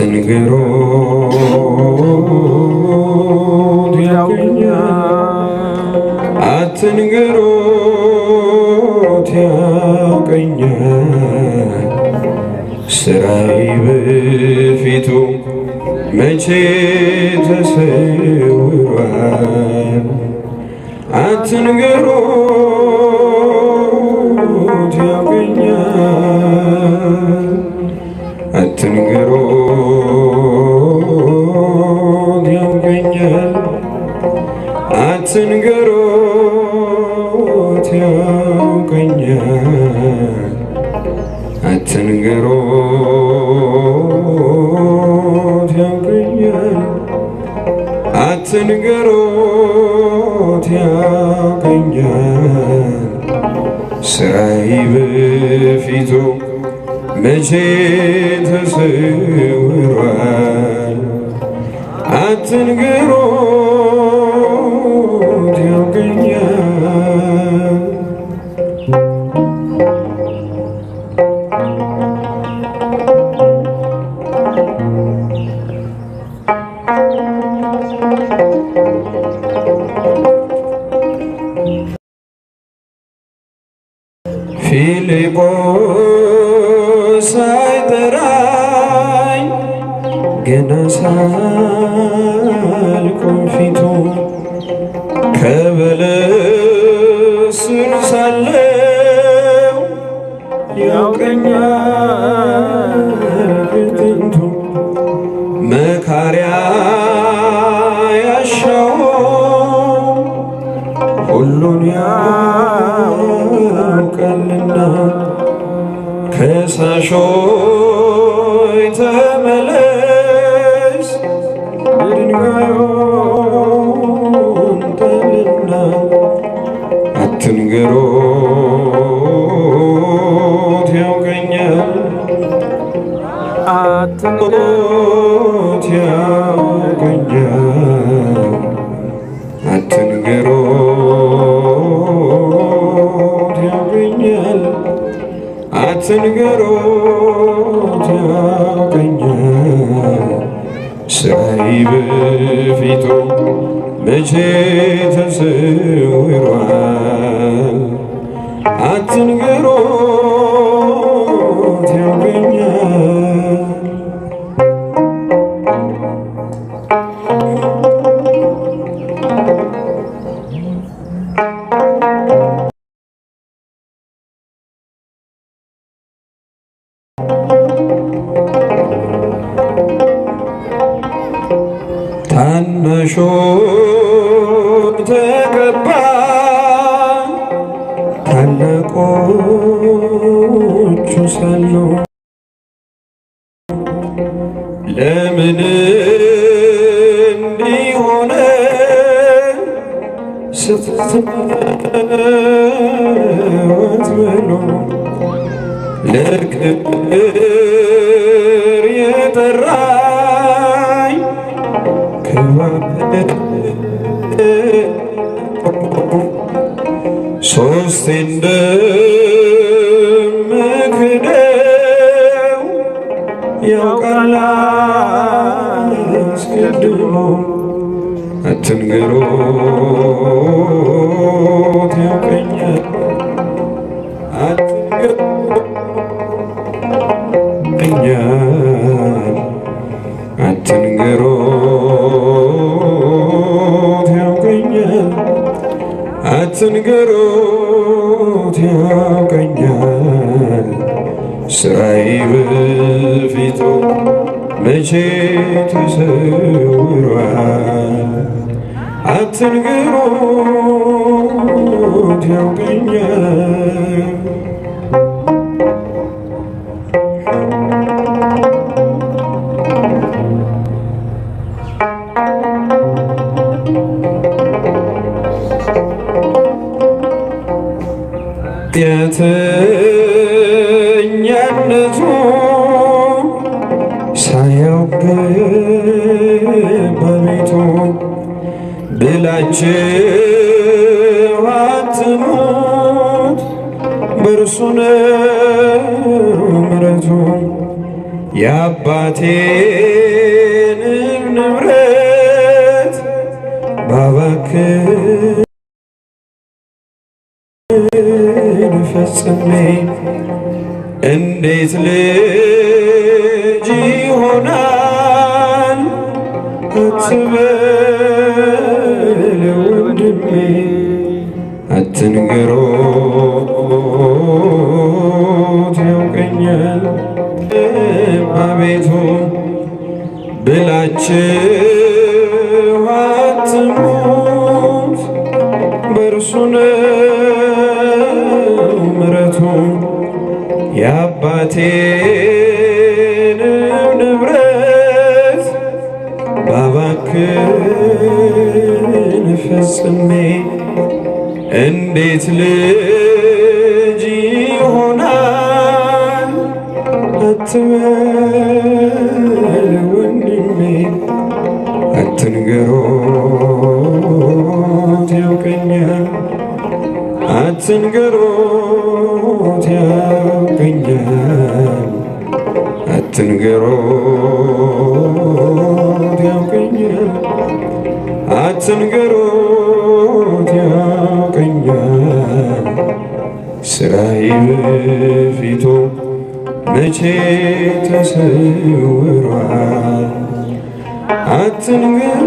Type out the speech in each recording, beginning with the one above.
አትንገሩት ያውቀኛል፣ አትንገሩት ያውቀኛል። ስራዬ በፊቱ መቼ ተሰውሯል። አትንገሩት ስራይ በፊቱ መቼ ተሰውሯል አትንገሮ ፊልጶስ ሳይጠራኝ ገና ሳልቆም ፊቱ ዱንያውን ያውቃልና ከሳሾይ ተመለስ ድንጋዩን ጠልና አትንገሮት ያውቀኛል Sen gör o ስትትት ብሎ ለግብር የጠራኝ ከማለት ሶስቴ እንደምክደው ያውቃል አስቀድሞ አትንገሩት ያውቀኛል አትንገሩኛል አትንገሩት ያውቀኛል አትንገሩት ያውቀኛል ስራዬ በፊቱ መቼ ተሰውሯል አትንገሩ ያውቀኛል የትኛነቱ ሳያውቅ ፍሬያችሁ አትሙት፣ በእርሱ ነው ምሕረቱ። የአባቴን ንብረት ባባክን ፈጽሜ እንዴት ልጅ ይሆናል አትበል ልቤ አትንገሮት ያውቀኛል። አቤቱ ብላችሁ አትሙት፣ በእርሱ ነው ምሕረቱ የአባቴ እንዴት ልጅ ይሆናል አትበል ወንድሜ አትንገሮት ያውቀኛል አትንገሮት ያውቀኛል አትንገሮት ያውቀኛል አትንገሮት ፊቱ መቼ ተሰውሯል አትንገሩ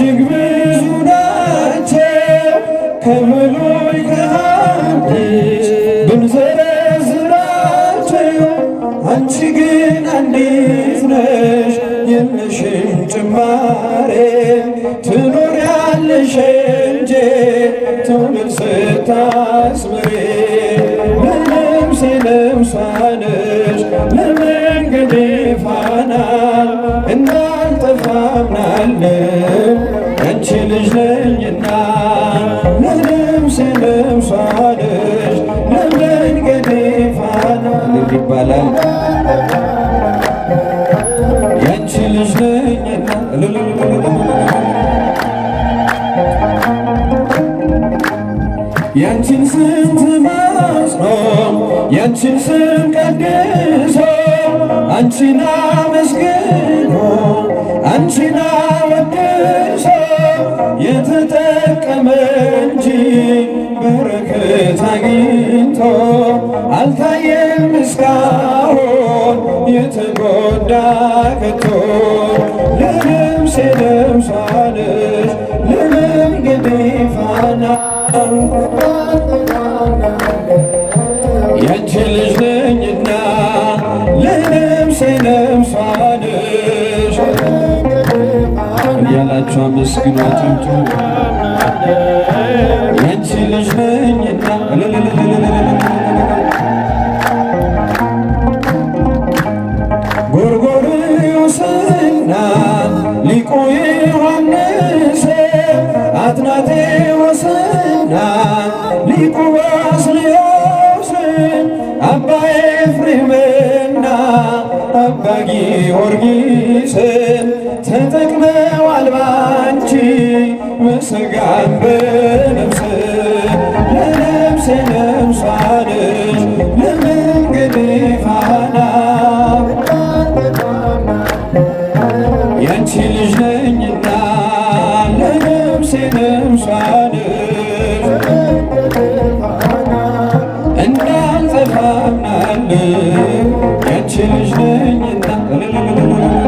እጅግ ብዙ ናቸው ከብሉይ ከሐዲስ ብንዘረዝራቸው አንቺ ግን አንዲት ነሽ የለሽም ጭማሬ ትኖር ያለሽ እንጂ ትውልድ ስታስምሬ ምንም ሲለምሳንሽ ለመንገዴ ፋና እንዳልጠፋ አምናለሁ ያንቺ ልጅ ነኝና ልንም ስልም ሷልሽ ፋና ይባላል። ያንቺ ልጅ ነኝና ያንቺን ስም ተማጽኖ ያንቺን ስም ቀድሶ አንቺና መስገኖ አንቺና የተጠቀመ እንጂ በረከት አግኝቶ አልታየም እስካሁን የተጎዳ ከቶ ለነፍሴ ደምሳለች ለመንገዴ ፋና ምስግናቱ ያንቺ ልጅ ነኝና ጎርጎርዮስና ሊቁ ዮሐንስ አትናቴዎስና ሊቁ ባስልዮስ አባ ኤፍሬምና አባ ጊዮርጊስ ተጠቅመዋል አንቺ በስጋም በነፍስ ለነፍሴ ነፍሷ ነሽ ለመንገዴ ፋና ያንቺ ልጅ ነኝና ለነፍሴ ነፍሷ ነሽ እንዳልጠፋናል ያንቺ ልጅ ነኝና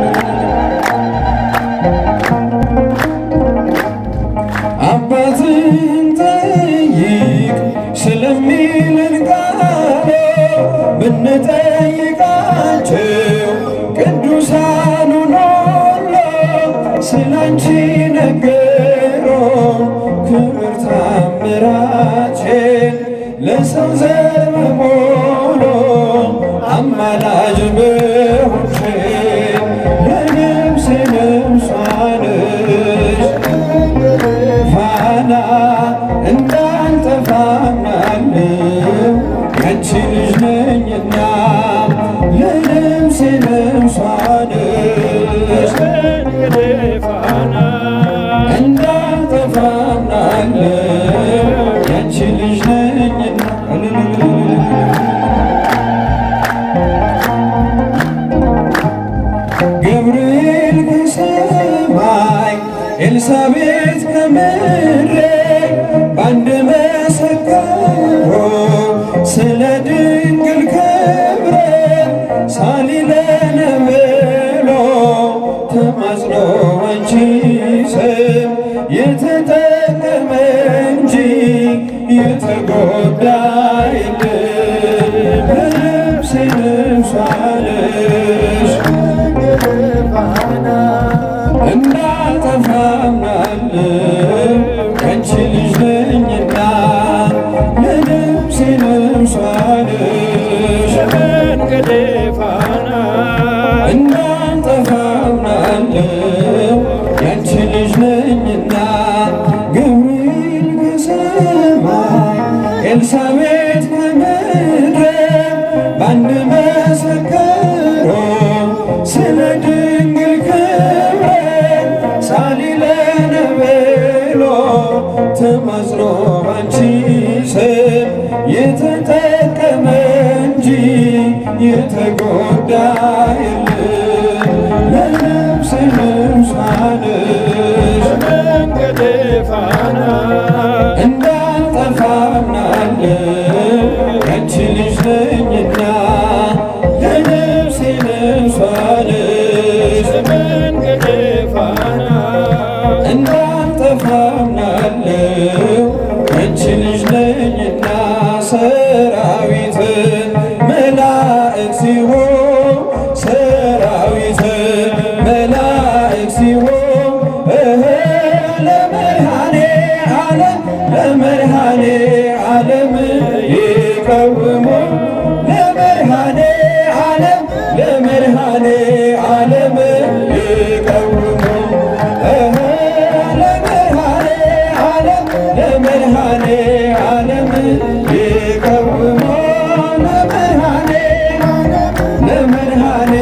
ለሰው ዘር ስም የተጠቀመ እንጂ የተጎ ኤልሳቤጥ ከምድር ባንመሰክሮ ስለ ድንግል ክብረ ጻሊለ ነቤሎ ተማጽኖ ባንቺ ስም የተጠቀመ እንጂ የተጎዳ मन